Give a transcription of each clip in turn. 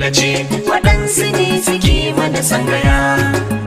mana ce waɗansu ne suke mana sangaya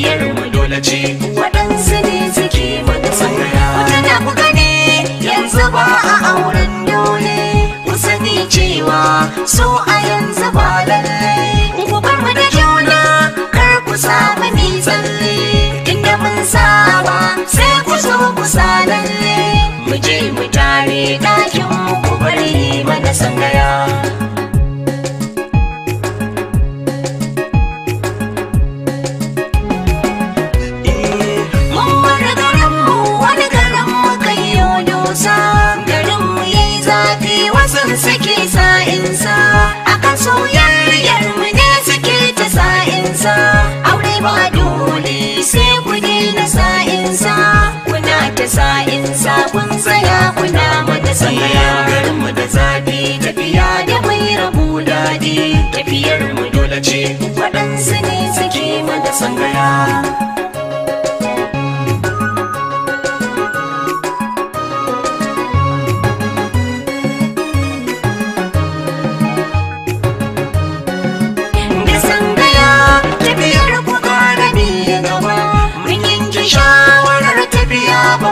yar mu dole ce waɗansu ne suke mana sauraya wata na ku ne yanzu ba a auren dole ku sani cewa so in sabon tsaya kuna mata sanya garinmu da zafi tafiya da mai rabu daɗi tafiyarmu dole ce waɗansu ne suke mata sangaya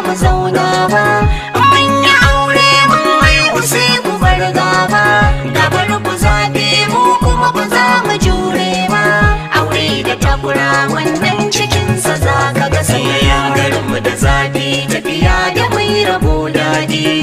ba mu zauna ba mun yi aure mun ku sai ku bar gaba gabar ku zaɓe mu kuma ba za mu jure ba aure da takura wannan cikinsa za ka ga sai mu da zafi tafiya da mai rabo daɗi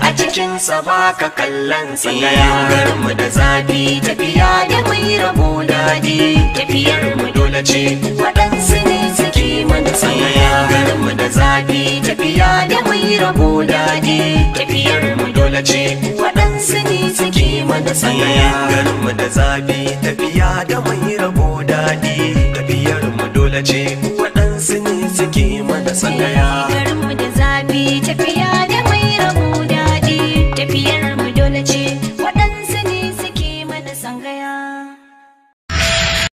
a cikin sa baka kallon yar garinmu da zafi tafiya da mai rabo daɗi tafiyar mu dole ce waɗansu ne suke ga yar garinmu da zafi tafiya da mai rabo daɗi tafiyar mu dole ce waɗansu ne suke ga yar garinmu da zafi tafiya da mai rabo daɗi tafiyar mu dole ce waɗansu ne suke ga yar